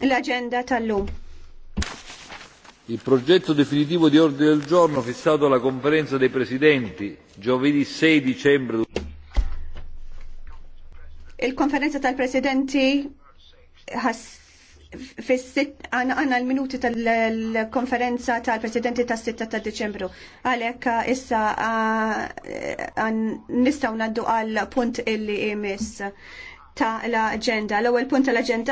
l-agenda tal-lum. Il progetto definitivo di ordine del giorno fissato alla conferenza dei presidenti giovedì 6 dicembre. Il-konferenza tal-presidenti għanna l-minuti tal-konferenza tal-presidenti tas-6 ta' Deċembru. Għalek issa nistaw naddu għal punt illi imis ta' l-agenda. L-ewwel punt tal-agenda